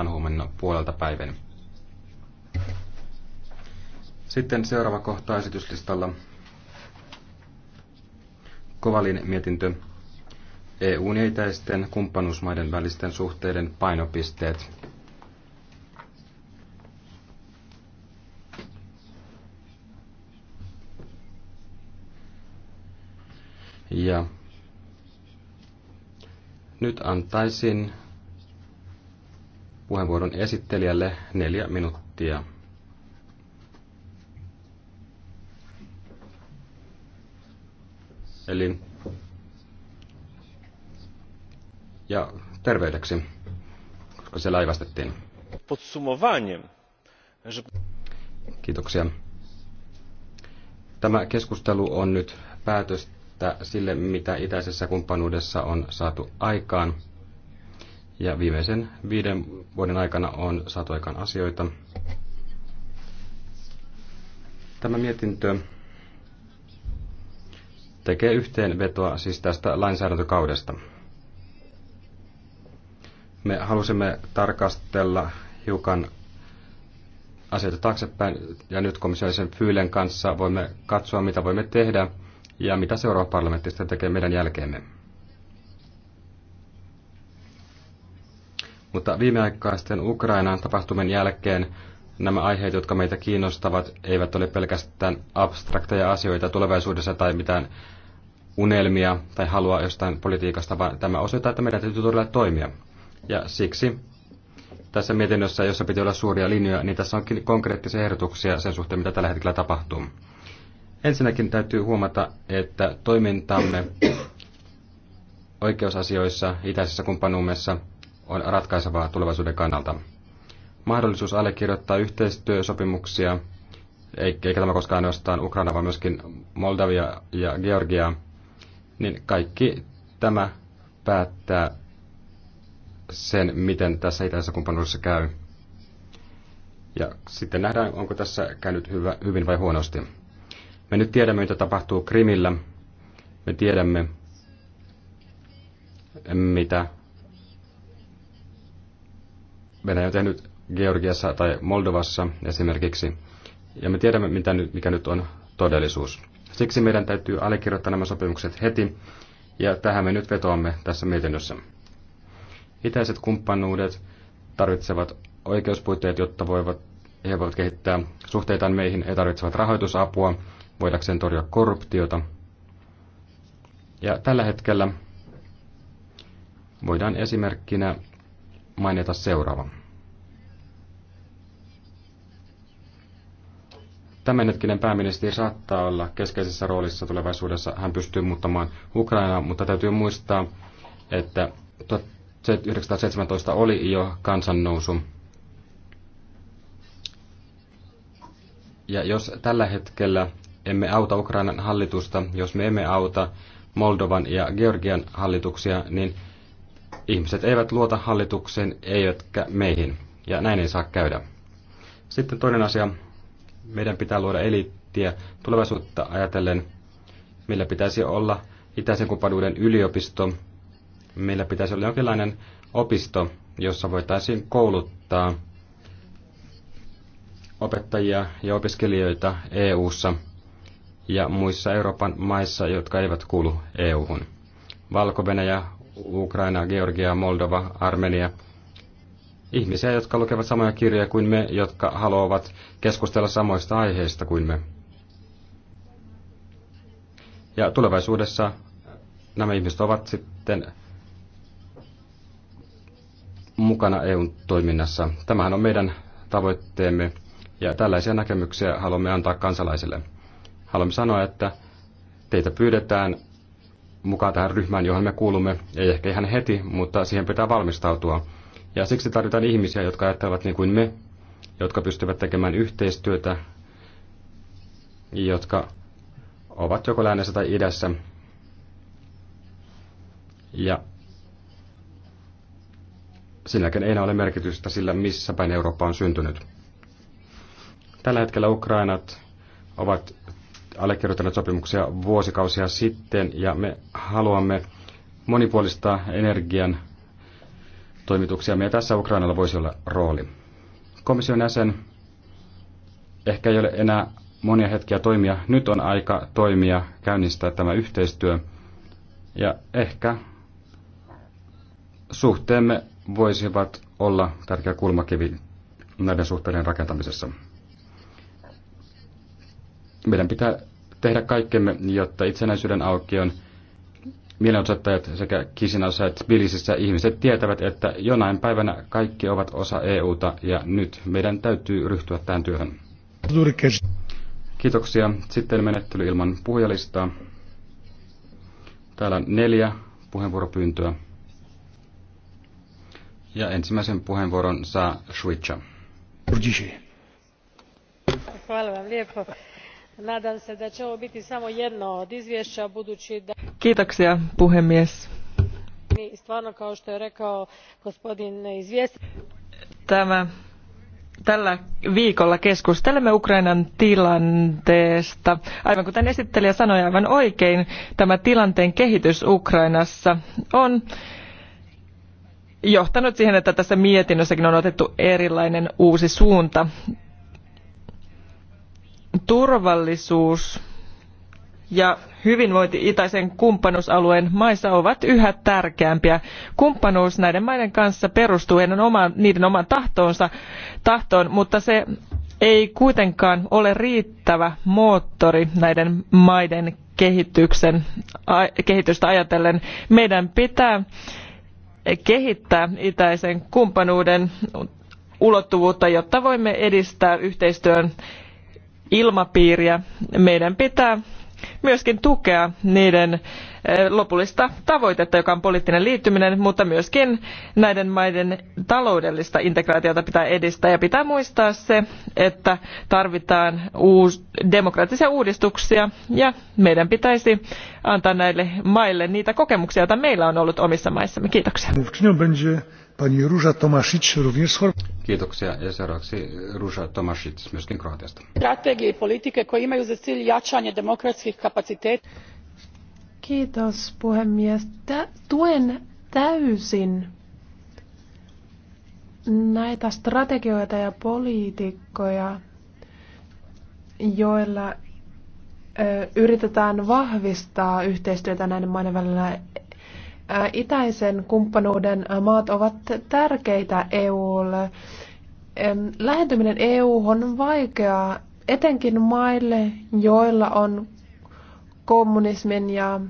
aloitetaan huomenna puolelta päivän. Sitten seuraava kohta esityslistalla. Kovalin mietintö. EUn etäisten kumppanuusmaiden välisten suhteiden painopisteet. Ja nyt antaisin puheenvuoron esittelijälle neljä minuuttia. Eli ja terveydeksi, koska se laivastettiin. Kiitoksia. Tämä keskustelu on nyt päätöstä sille, mitä itäisessä kumppanuudessa on saatu aikaan – ja viimeisen viiden vuoden aikana on saatu aikaan asioita. Tämä mietintö tekee yhteenvetoa siis tästä lainsäädäntökaudesta. Me halusimme tarkastella hiukan asioita taaksepäin ja nyt komissiolisen Fyylen kanssa voimme katsoa, mitä voimme tehdä ja mitä seuraava parlamentti tekee meidän jälkeemme. Mutta viimeaikaisten Ukrainan tapahtumien jälkeen nämä aiheet, jotka meitä kiinnostavat, eivät ole pelkästään abstrakteja asioita tulevaisuudessa tai mitään unelmia tai halua jostain politiikasta, vaan tämä osoittaa, että meidän täytyy todella toimia. Ja siksi tässä mietinnössä, jossa piti olla suuria linjoja, niin tässä onkin konkreettisia ehdotuksia sen suhteen, mitä tällä hetkellä tapahtuu. Ensinnäkin täytyy huomata, että toimintamme oikeusasioissa, itäisessä kumppanuumessa – on ratkaisevaa tulevaisuuden kannalta. Mahdollisuus allekirjoittaa yhteistyösopimuksia, eikä tämä koskaan ainoastaan Ukraina, vaan myöskin Moldavia ja Georgiaa, niin kaikki tämä päättää sen, miten tässä itäisessä kumppanuudessa käy. Ja sitten nähdään, onko tässä käynyt hyvä, hyvin vai huonosti. Me nyt tiedämme, mitä tapahtuu Krimillä. Me tiedämme, mitä Venäjä on tehnyt Georgiassa tai Moldovassa esimerkiksi. Ja me tiedämme, mitä nyt, mikä nyt on todellisuus. Siksi meidän täytyy allekirjoittaa nämä sopimukset heti, ja tähän me nyt vetoamme tässä mietinnössä. Itäiset kumppanuudet tarvitsevat oikeuspuitteet, jotta voivat, he voivat kehittää suhteitaan meihin. He tarvitsevat rahoitusapua voidakseen torjua korruptiota. Ja tällä hetkellä voidaan esimerkkinä mainita seuraavan. Tämänhetkinen pääministeri saattaa olla keskeisessä roolissa tulevaisuudessa. Hän pystyy muuttamaan Ukrainaa, mutta täytyy muistaa, että 1917 oli jo kansannousu. Ja jos tällä hetkellä emme auta Ukrainan hallitusta, jos me emme auta Moldovan ja Georgian hallituksia, niin Ihmiset eivät luota hallitukseen eivätkä meihin, ja näin ei saa käydä. Sitten toinen asia. Meidän pitää luoda eliittiä tulevaisuutta ajatellen. Meillä pitäisi olla itäisen kumppanuuden yliopisto. Meillä pitäisi olla jonkinlainen opisto, jossa voitaisiin kouluttaa opettajia ja opiskelijoita EU:ssa ja muissa Euroopan maissa, jotka eivät kuulu EU:hun. Valko-Venäjä, Ukraina, Georgia, Moldova, Armenia. Ihmisiä, jotka lukevat samoja kirjoja kuin me, jotka haluavat keskustella samoista aiheista kuin me. Ja tulevaisuudessa nämä ihmiset ovat sitten mukana EUn toiminnassa. Tämähän on meidän tavoitteemme ja tällaisia näkemyksiä haluamme antaa kansalaisille. Haluamme sanoa, että teitä pyydetään mukaan tähän ryhmään, johon me kuulumme. Ei ehkä ihan heti, mutta siihen pitää valmistautua. Ja siksi tarvitaan ihmisiä, jotka ajattelevat niin kuin me, jotka pystyvät tekemään yhteistyötä, jotka ovat joko lännessä tai idässä. Ja sinäkin ei enää ole merkitystä sillä, missä päin Eurooppa on syntynyt. Tällä hetkellä Ukrainat ovat allekirjoittaneet sopimuksia vuosikausia sitten ja me haluamme monipuolista energian toimituksia. Ja tässä Ukrainalla voisi olla rooli. Komission jäsen ehkä ei ole enää monia hetkiä toimia. Nyt on aika toimia, käynnistää tämä yhteistyö. Ja ehkä suhteemme voisivat olla tärkeä kulmakivi näiden suhteiden rakentamisessa meidän pitää tehdä kaikkemme, jotta itsenäisyyden aukion mielenosoittajat sekä Kisinassa että Tbilisissä ihmiset tietävät, että jonain päivänä kaikki ovat osa EUta ja nyt meidän täytyy ryhtyä tähän työhön. Kiitoksia. Sitten menettely ilman puhujalistaa. Täällä on neljä puheenvuoropyyntöä. Ja ensimmäisen puheenvuoron saa Switcha. Kiitos nadam se da će ovo biti samo jedno od izvješća budući da Kiitoksia puhemies. Stvarno kao što je rekao gospodin izvjestitelj. Tämä tällä viikolla keskustelemme Ukrainan tilanteesta. Aivan kuten esittelijä sanoi aivan oikein, tämä tilanteen kehitys Ukrainassa on johtanut siihen, että tässä mietinnössäkin on otettu erilainen uusi suunta turvallisuus ja hyvinvointi itäisen kumppanuusalueen maissa ovat yhä tärkeämpiä. Kumppanuus näiden maiden kanssa perustuu omaan, niiden omaan tahtoonsa, tahtoon, mutta se ei kuitenkaan ole riittävä moottori näiden maiden kehityksen, kehitystä ajatellen. Meidän pitää kehittää itäisen kumppanuuden ulottuvuutta, jotta voimme edistää yhteistyön ilmapiiriä meidän pitää myöskin tukea niiden Eh, lopullista tavoitetta, joka on poliittinen liittyminen, mutta myöskin näiden maiden taloudellista integraatiota pitää edistää ja pitää muistaa se, että tarvitaan uus, demokraattisia uudistuksia ja meidän pitäisi antaa näille maille niitä kokemuksia, joita meillä on ollut omissa maissamme. Kiitoksia. Pani Róża Tomasic również Kiitoksia. Ja seuraavaksi Róża Tomasic myöskin Kroatiasta. Strategii ja politike koje imaju za cilj jačanje demokratskih kapaciteta Kiitos puhemies. tuen täysin näitä strategioita ja poliitikkoja, joilla yritetään vahvistaa yhteistyötä näiden maiden välillä. Itäisen kumppanuuden maat ovat tärkeitä EUlle. Lähentyminen EU on vaikeaa etenkin maille, joilla on kommunismin ja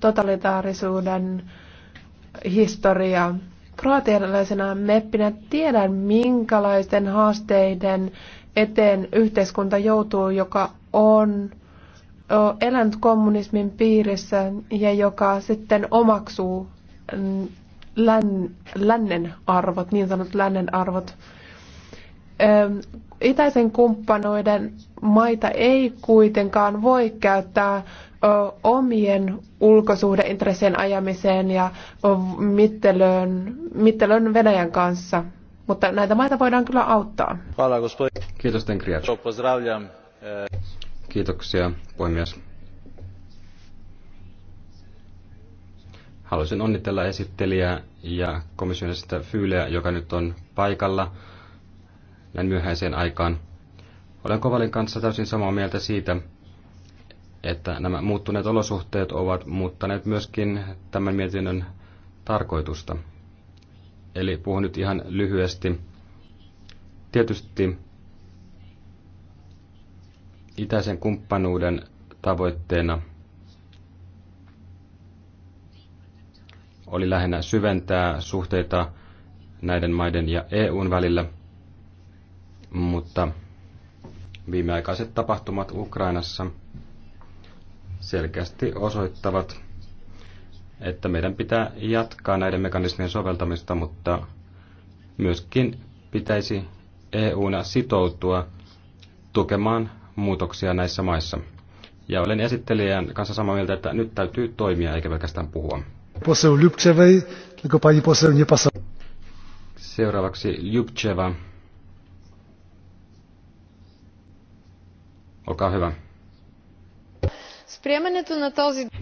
totalitaarisuuden historia. Kroatialaisena meppinä tiedän, minkälaisten haasteiden eteen yhteiskunta joutuu, joka on elänyt kommunismin piirissä ja joka sitten omaksuu lännen arvot, niin sanotut lännen arvot itäisen kumppanoiden maita ei kuitenkaan voi käyttää omien ulkosuhdeintressien ajamiseen ja mittelöön, mittelöön Venäjän kanssa. Mutta näitä maita voidaan kyllä auttaa. Kiitos, e, Kiitoksia, puhemies. Haluaisin onnitella esittelijää ja komission Fyyleä, joka nyt on paikalla näin myöhäiseen aikaan. Olen Kovalin kanssa täysin samaa mieltä siitä, että nämä muuttuneet olosuhteet ovat muuttaneet myöskin tämän mietinnön tarkoitusta. Eli puhun nyt ihan lyhyesti. Tietysti itäisen kumppanuuden tavoitteena oli lähinnä syventää suhteita näiden maiden ja EUn välillä – mutta viimeaikaiset tapahtumat Ukrainassa selkeästi osoittavat, että meidän pitää jatkaa näiden mekanismien soveltamista, mutta myöskin pitäisi EUna sitoutua tukemaan muutoksia näissä maissa. Ja olen esittelijän kanssa samaa mieltä, että nyt täytyy toimia eikä pelkästään puhua. Seuraavaksi Ljubcheva. Olkaa hyvä.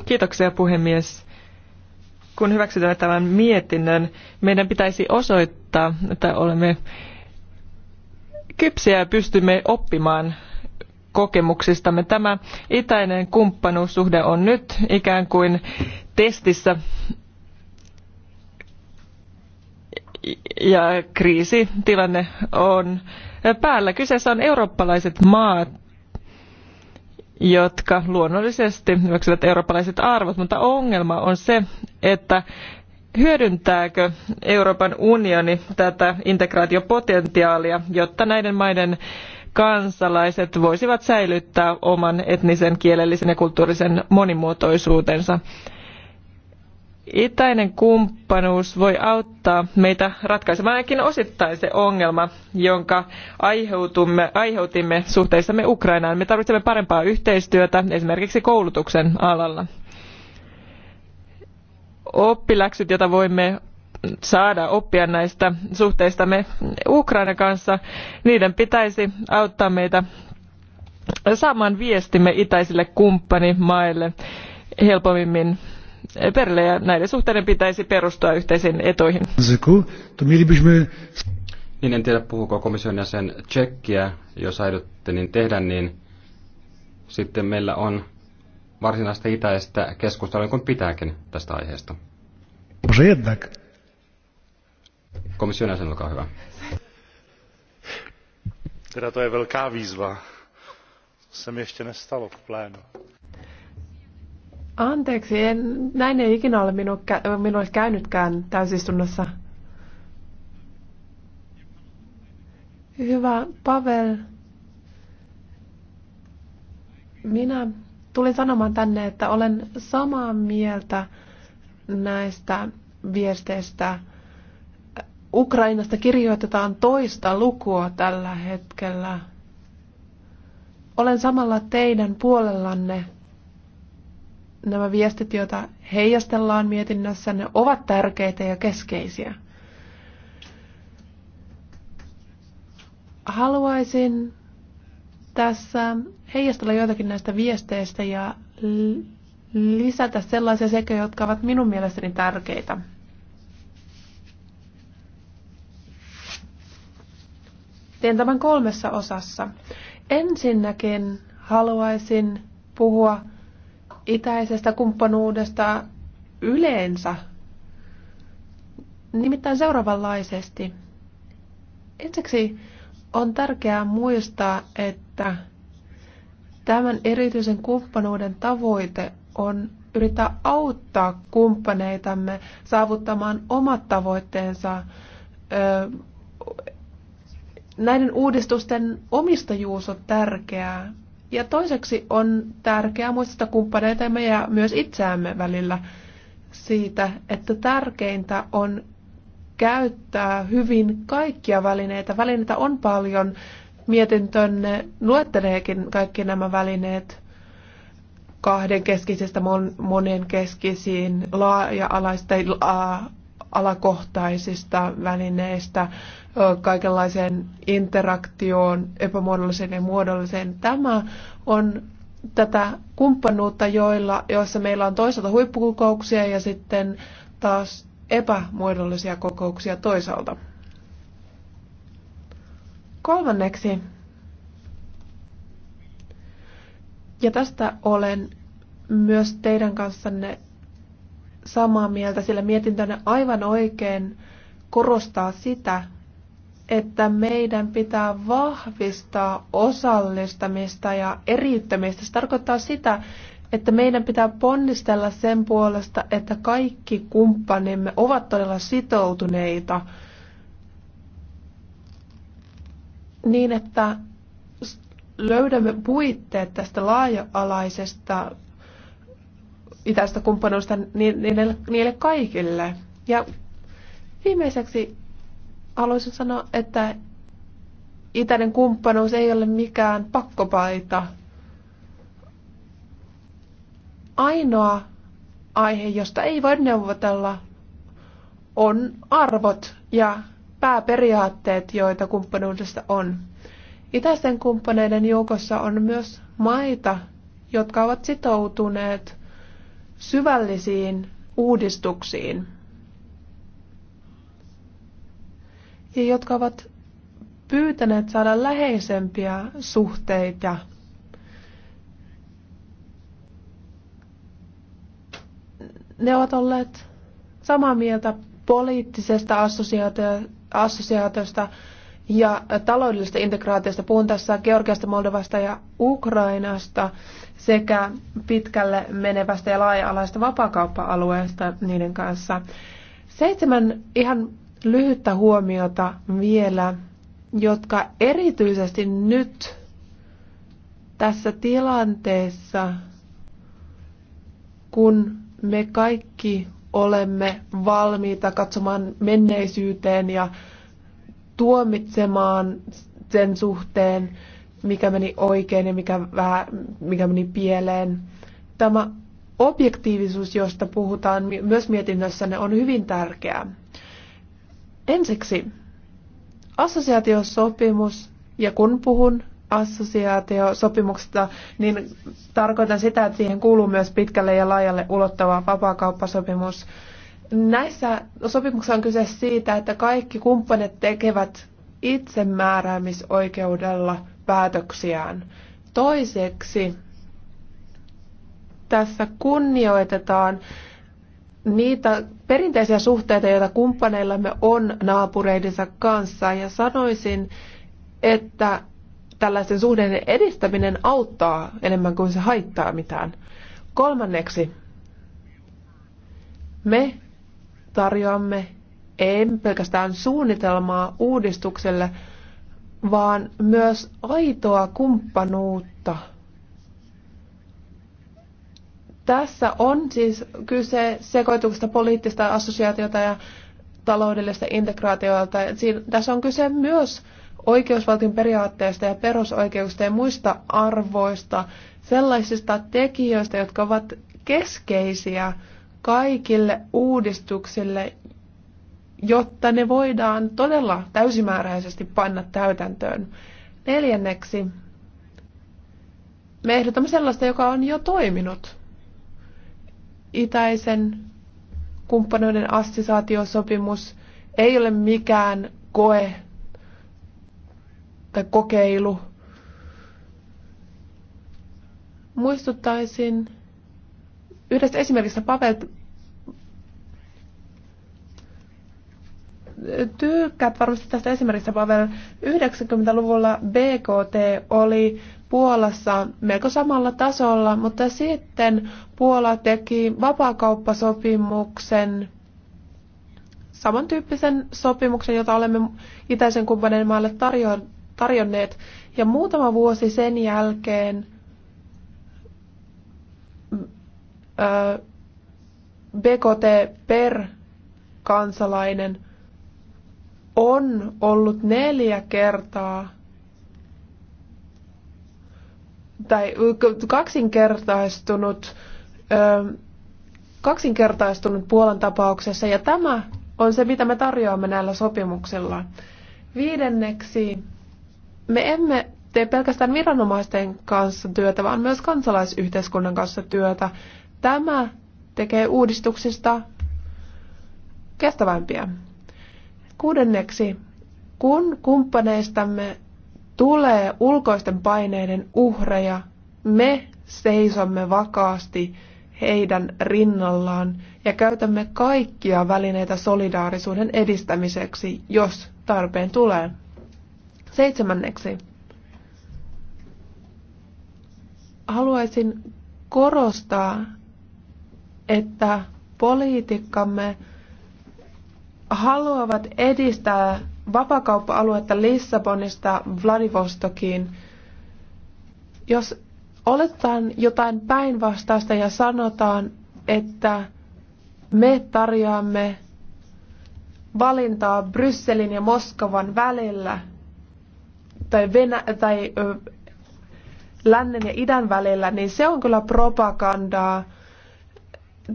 Kiitoksia puhemies. Kun hyväksytään tämän mietinnön, meidän pitäisi osoittaa, että olemme kypsiä ja pystymme oppimaan kokemuksistamme. Tämä itäinen kumppanuussuhde on nyt ikään kuin testissä ja kriisitilanne on päällä. Kyseessä on eurooppalaiset maat, jotka luonnollisesti hyväksyvät eurooppalaiset arvot, mutta ongelma on se, että hyödyntääkö Euroopan unioni tätä integraatiopotentiaalia, jotta näiden maiden kansalaiset voisivat säilyttää oman etnisen, kielellisen ja kulttuurisen monimuotoisuutensa. Itäinen kumppanuus voi auttaa meitä ratkaisemaan ainakin osittain se ongelma, jonka aiheutumme, aiheutimme suhteissamme Ukrainaan. Me tarvitsemme parempaa yhteistyötä esimerkiksi koulutuksen alalla. Oppiläksyt, joita voimme saada oppia näistä suhteistamme Ukrainan kanssa, niiden pitäisi auttaa meitä saamaan viestimme itäisille kumppanimaille helpommin perille ja näiden suhteiden pitäisi perustua yhteisiin etuihin. Niin en tiedä puhuuko komission jäsen tsekkiä, jos aidotte niin tehdä, niin sitten meillä on varsinaista itäistä keskustelua, kun pitääkin tästä aiheesta. Komission jäsen, olkaa hyvä. Teda to je velká výzva. Se mi ještě nestalo v plénu. Anteeksi, en, näin ei ikinä ole minu, minulle käynytkään täysistunnossa. Hyvä Pavel. Minä tulin sanomaan tänne, että olen samaa mieltä näistä viesteistä. Ukrainasta kirjoitetaan toista lukua tällä hetkellä. Olen samalla teidän puolellanne nämä viestit, joita heijastellaan mietinnössä, ne ovat tärkeitä ja keskeisiä. Haluaisin tässä heijastella joitakin näistä viesteistä ja lisätä sellaisia sekä, jotka ovat minun mielestäni tärkeitä. Teen tämän kolmessa osassa. Ensinnäkin haluaisin puhua itäisestä kumppanuudesta yleensä. Nimittäin seuraavanlaisesti. Ensiksi on tärkeää muistaa, että tämän erityisen kumppanuuden tavoite on yrittää auttaa kumppaneitamme saavuttamaan omat tavoitteensa. Näiden uudistusten omistajuus on tärkeää. Ja toiseksi on tärkeää muistaa kumppaneitamme ja myös itseämme välillä siitä, että tärkeintä on käyttää hyvin kaikkia välineitä. Välineitä on paljon. Mietintönne luetteleekin kaikki nämä välineet kahden keskisestä mon, keskisiin laaja-alaista alakohtaisista välineistä, kaikenlaiseen interaktioon, epämuodolliseen ja muodolliseen. Tämä on tätä kumppanuutta, joilla, joissa meillä on toisaalta huippukokouksia ja sitten taas epämuodollisia kokouksia toisaalta. Kolmanneksi, ja tästä olen myös teidän kanssanne samaa mieltä, sillä mietintönne aivan oikein korostaa sitä, että meidän pitää vahvistaa osallistamista ja eriyttämistä. Se tarkoittaa sitä, että meidän pitää ponnistella sen puolesta, että kaikki kumppanimme ovat todella sitoutuneita niin, että löydämme puitteet tästä laaja-alaisesta Itästä kumppanuusta niin, niille, niille kaikille. Ja viimeiseksi haluaisin sanoa, että itäinen kumppanuus ei ole mikään pakkopaita. Ainoa aihe, josta ei voi neuvotella, on arvot ja pääperiaatteet, joita kumppanuudesta on. Itäisten kumppaneiden joukossa on myös maita, jotka ovat sitoutuneet syvällisiin uudistuksiin, ja jotka ovat pyytäneet saada läheisempiä suhteita. Ne ovat olleet samaa mieltä poliittisesta assosiaatiosta, ja taloudellisesta integraatiosta. Puhun tässä Georgiasta, Moldovasta ja Ukrainasta sekä pitkälle menevästä ja laaja-alaista vapakauppa-alueesta niiden kanssa. Seitsemän ihan lyhyttä huomiota vielä, jotka erityisesti nyt tässä tilanteessa, kun me kaikki olemme valmiita katsomaan menneisyyteen ja tuomitsemaan sen suhteen, mikä meni oikein ja mikä, vähän, mikä meni pieleen. Tämä objektiivisuus, josta puhutaan myös mietinnössänne, on hyvin tärkeää. Ensiksi assosiaatiosopimus, ja kun puhun assosiaatiosopimuksesta, niin tarkoitan sitä, että siihen kuuluu myös pitkälle ja laajalle ulottava vapaakauppasopimus. kauppasopimus Näissä sopimuksissa on kyse siitä, että kaikki kumppanit tekevät itsemääräämisoikeudella päätöksiään. Toiseksi tässä kunnioitetaan niitä perinteisiä suhteita, joita kumppaneillamme on naapureidensa kanssa. Ja sanoisin, että tällaisten suhteiden edistäminen auttaa enemmän kuin se haittaa mitään. Kolmanneksi, me tarjoamme ei pelkästään suunnitelmaa uudistukselle, vaan myös aitoa kumppanuutta. Tässä on siis kyse sekoituksesta poliittista assosiaatiota ja taloudellista integraatiota. Siinä, tässä on kyse myös oikeusvaltion periaatteista ja perusoikeuksista ja muista arvoista, sellaisista tekijöistä, jotka ovat keskeisiä kaikille uudistuksille, jotta ne voidaan todella täysimääräisesti panna täytäntöön. Neljänneksi, me ehdotamme sellaista, joka on jo toiminut. Itäisen kumppanuuden assisaatiosopimus ei ole mikään koe tai kokeilu. Muistuttaisin, Yhdestä esimerkistä Pavel tykkäät varmasti tästä esimerkistä Pavel. 90-luvulla BKT oli Puolassa melko samalla tasolla, mutta sitten Puola teki vapaakauppasopimuksen, samantyyppisen sopimuksen, jota olemme itäisen kumppanin maalle tarjonneet. Ja muutama vuosi sen jälkeen BKT per kansalainen on ollut neljä kertaa tai kaksinkertaistunut, kaksinkertaistunut Puolan tapauksessa ja tämä on se, mitä me tarjoamme näillä sopimuksilla. Viidenneksi, me emme tee pelkästään viranomaisten kanssa työtä, vaan myös kansalaisyhteiskunnan kanssa työtä. Tämä tekee uudistuksista kestävämpiä. Kuudenneksi, kun kumppaneistamme tulee ulkoisten paineiden uhreja, me seisomme vakaasti heidän rinnallaan ja käytämme kaikkia välineitä solidaarisuuden edistämiseksi, jos tarpeen tulee. Seitsemänneksi. Haluaisin korostaa että poliitikkamme haluavat edistää vapakauppa-aluetta Lissabonista Vladivostokiin. Jos oletetaan jotain päinvastaista ja sanotaan, että me tarjoamme valintaa Brysselin ja Moskovan välillä tai, Venä- tai ö, lännen ja idän välillä, niin se on kyllä propagandaa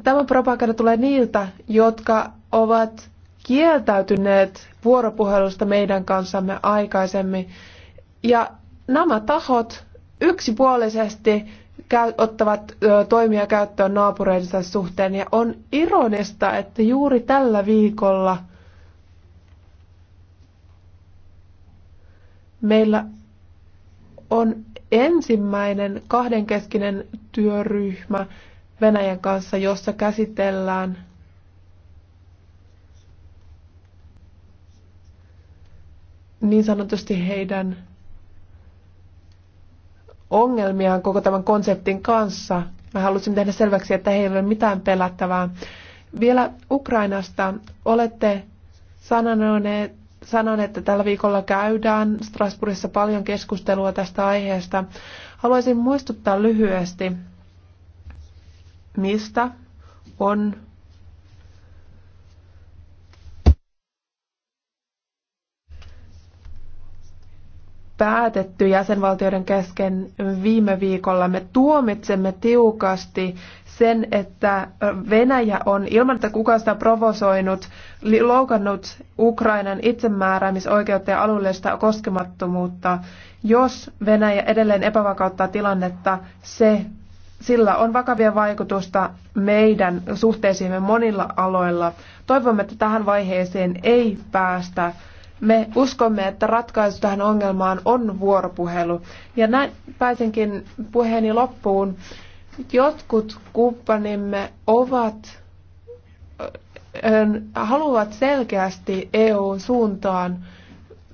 tämä propaganda tulee niiltä, jotka ovat kieltäytyneet vuoropuhelusta meidän kanssamme aikaisemmin. Ja nämä tahot yksipuolisesti ottavat toimia käyttöön naapureidensa suhteen. Ja on ironista, että juuri tällä viikolla meillä on ensimmäinen kahdenkeskinen työryhmä, Venäjän kanssa, jossa käsitellään niin sanotusti heidän ongelmiaan koko tämän konseptin kanssa. Mä halusin tehdä selväksi, että heillä ei ole mitään pelättävää. Vielä Ukrainasta olette sanoneet, sanon, että tällä viikolla käydään Strasbourgissa paljon keskustelua tästä aiheesta. Haluaisin muistuttaa lyhyesti mistä on päätetty jäsenvaltioiden kesken viime viikolla. Me tuomitsemme tiukasti sen, että Venäjä on ilman, että kukaan sitä provosoinut, loukannut Ukrainan itsemääräämisoikeutta ja alueellista koskemattomuutta. Jos Venäjä edelleen epävakauttaa tilannetta, se sillä on vakavia vaikutusta meidän suhteisiimme monilla aloilla. Toivomme, että tähän vaiheeseen ei päästä. Me uskomme, että ratkaisu tähän ongelmaan on vuoropuhelu. Ja näin pääsenkin puheeni loppuun. Jotkut kumppanimme ovat, haluavat selkeästi eu suuntaan.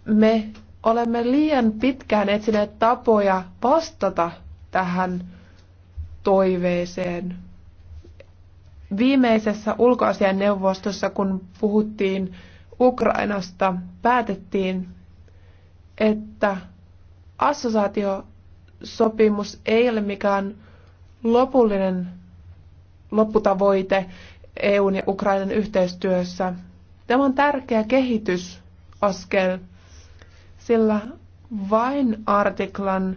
Me olemme liian pitkään etsineet tapoja vastata tähän toiveeseen. Viimeisessä ulkoasian neuvostossa, kun puhuttiin Ukrainasta, päätettiin, että assosaatiosopimus ei ole mikään lopullinen lopputavoite EUn ja Ukrainan yhteistyössä. Tämä on tärkeä kehitysaskel, sillä vain artiklan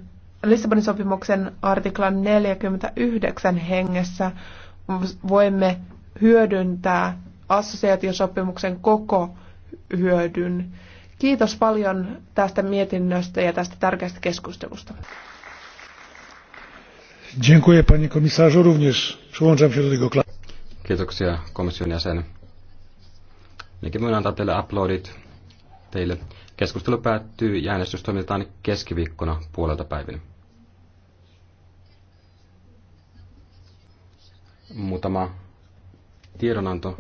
Lissabonin sopimuksen artiklan 49 hengessä voimme hyödyntää assosiaatiosopimuksen koko hyödyn. Kiitos paljon tästä mietinnöstä ja tästä tärkeästä keskustelusta. Dziękuję panie komisarzu. Również przyłączam się do tego klasu. Kiitoksia komission jäsen. Minäkin voin antaa teille uploadit teille. Keskustelu päättyy ja äänestys toimitetaan keskiviikkona puolelta päivinä. Muutama tiedonanto.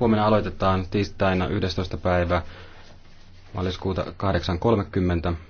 Huomenna aloitetaan tiistaina 11. päivä maaliskuuta 8.30.